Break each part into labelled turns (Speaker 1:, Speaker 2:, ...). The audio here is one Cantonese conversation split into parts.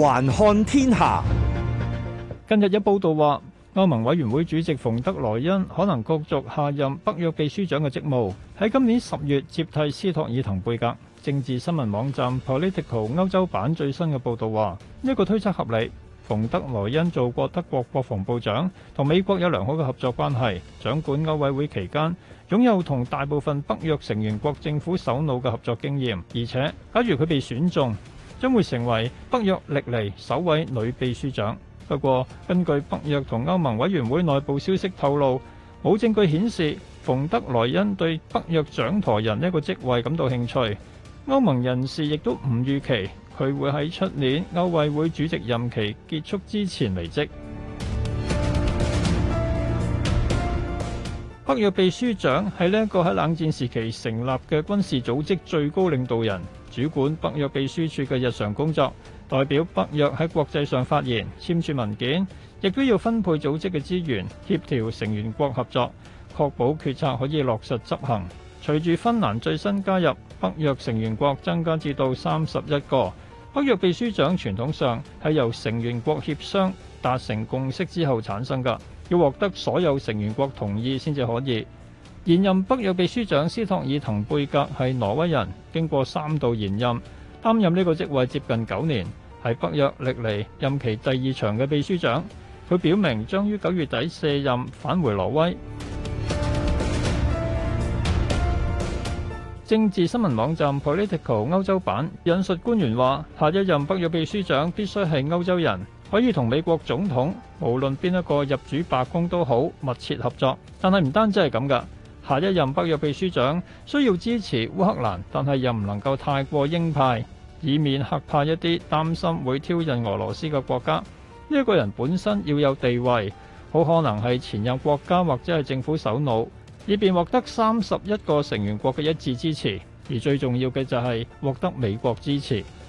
Speaker 1: 環看天下，近日有報道話，歐盟委員會主席馮德萊恩可能角逐下任北約秘書長嘅職務，喺今年十月接替斯托爾滕貝格。政治新聞網站 Political 歐洲版最新嘅報道話，呢個推測合理。馮德萊恩做過德國國防部長，同美國有良好嘅合作關係。掌管歐委會期間，擁有同大部分北約成員國政府首腦嘅合作經驗。而且，假如佢被選中，將會成為北約歷嚟首位女秘書長。不過，根據北約同歐盟委員會內部消息透露，冇證據顯示馮德萊恩對北約掌舵人呢一個職位感到興趣。歐盟人士亦都唔預期佢會喺出年歐委會主席任期結束之前離職。北約秘書長係呢一個喺冷戰時期成立嘅軍事組織最高領導人，主管北約秘書處嘅日常工作，代表北約喺國際上發言、簽署文件，亦都要分配組織嘅資源，協調成員國合作，確保決策可以落實執行。隨住芬蘭最新加入，北約成員國增加至到三十一個。北約秘書長傳統上係由成員國協商達成共識之後產生噶。要獲得所有成員國同意先至可以。現任北約秘書長斯托爾滕貝格係挪威人，經過三度延任，擔任呢個職位接近九年，係北約歷嚟任期第二長嘅秘書長。佢表明將於九月底卸任，返回挪威。政治新聞網站 Politico 歐洲版引述官員話：下一任北約秘書長必須係歐洲人。可以同美國總統無論邊一個入主白宮都好密切合作，但係唔單止係咁噶。下一任北約秘書長需要支持烏克蘭，但係又唔能夠太過鷹派，以免嚇怕一啲擔心會挑釁俄羅斯嘅國家。呢、這、一個人本身要有地位，好可能係前任國家或者係政府首腦，以便獲得三十一個成員國嘅一致支持，而最重要嘅就係獲得美國支持。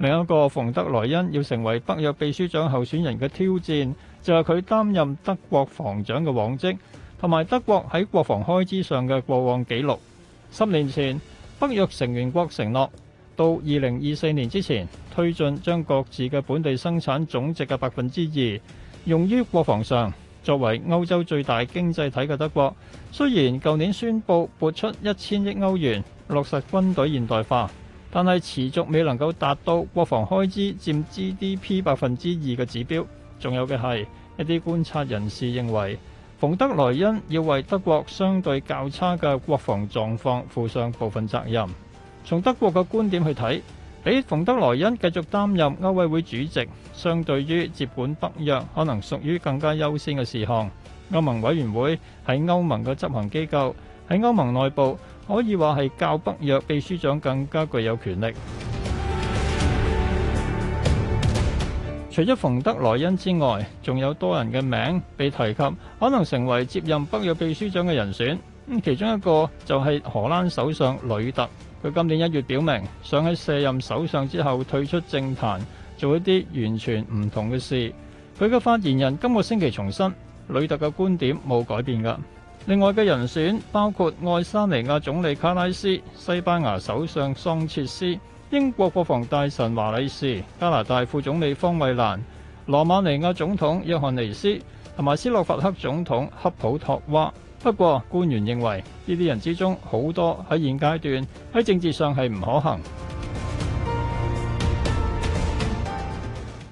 Speaker 1: 另一個馮德萊恩要成為北約秘書長候選人嘅挑戰，就係佢擔任德國防長嘅往績，同埋德國喺國防開支上嘅過往記錄。十年前，北約成員國承諾到二零二四年之前，推進將各自嘅本地生產總值嘅百分之二用於國防上。作為歐洲最大經濟體嘅德國，雖然舊年宣布撥出一千億歐元，落實軍隊現代化。但係持續未能夠達到國防開支佔 GDP 百分之二嘅指標，仲有嘅係一啲觀察人士認為，馮德萊恩要為德國相對較差嘅國防狀況負上部分責任。從德國嘅觀點去睇，比馮德萊恩繼續擔任歐委會主席，相對於接管北約，可能屬於更加優先嘅事項。歐盟委員會喺歐盟嘅執行機構。喺歐盟內部，可以話係較北約秘書長更加具有權力。除咗馮德萊恩之外，仲有多人嘅名被提及，可能成為接任北約秘書長嘅人選。咁其中一個就係荷蘭首相呂特，佢今年一月表明想喺卸任首相之後退出政壇，做一啲完全唔同嘅事。佢嘅發言人今個星期重申，呂特嘅觀點冇改變噶。另外嘅人選包括愛沙尼亞總理卡拉斯、西班牙首相桑切斯、英國國防大臣華里士、加拿大副總理方慧蘭、羅馬尼亞總統約翰尼斯同埋斯洛伐克總統克普托娃。不過官員認為呢啲人之中好多喺現階段喺政治上係唔可行。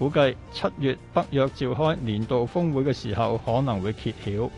Speaker 1: 估計七月北約召開年度峰會嘅時候，可能會揭曉。